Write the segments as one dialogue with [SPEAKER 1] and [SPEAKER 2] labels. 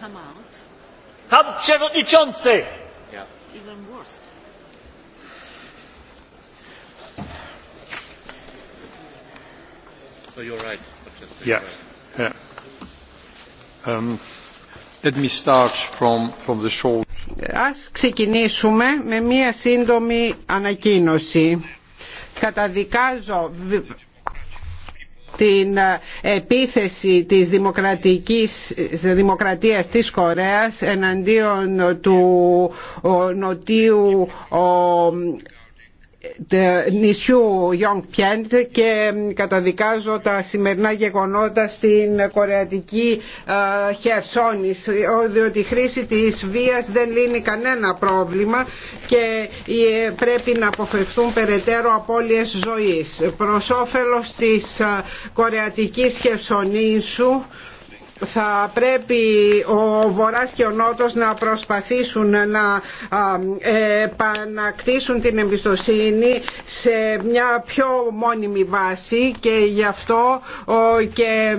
[SPEAKER 1] Pan Ας ξεκινήσουμε με μία σύντομη ανακοίνωση. Καταδικάζω την επίθεση της δημοκρατικής, δημοκρατίας της Κορέας εναντίον του νοτίου νησιού Young Πιέντ και καταδικάζω τα σημερινά γεγονότα στην Κορεατική Χερσόνης διότι η χρήση της βίας δεν λύνει κανένα πρόβλημα και ε, πρέπει να αποφευθούν περαιτέρω απώλειες ζωής. Προς όφελος της Κορεατικής Χερσονήσου θα πρέπει ο Βορράς και ο Νότος να προσπαθήσουν να επανακτήσουν την εμπιστοσύνη σε μια πιο μόνιμη βάση και γι' αυτό και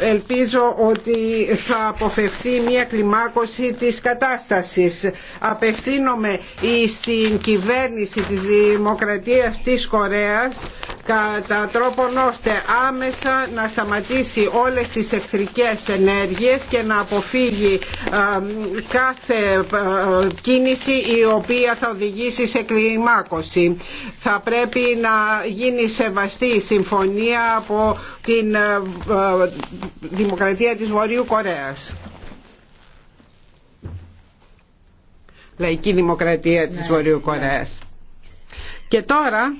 [SPEAKER 1] ε, ελπίζω ότι θα αποφευθεί μια κλιμάκωση της κατάστασης. Απευθύνομαι στην κυβέρνηση της Δημοκρατίας της Κορέας κατά τρόπον ώστε άμεσα να σταματήσει όλες τις εχθρικές ενέργειες και να αποφύγει ε, κάθε ε, κίνηση η οποία θα οδηγήσει σε κλιμάκωση. Θα πρέπει να γίνει σεβαστή η συμφωνία από την ε, Δημοκρατία της Βορείου Κορέας. Λαϊκή Δημοκρατία της Βορείου Κορέας. Και τώρα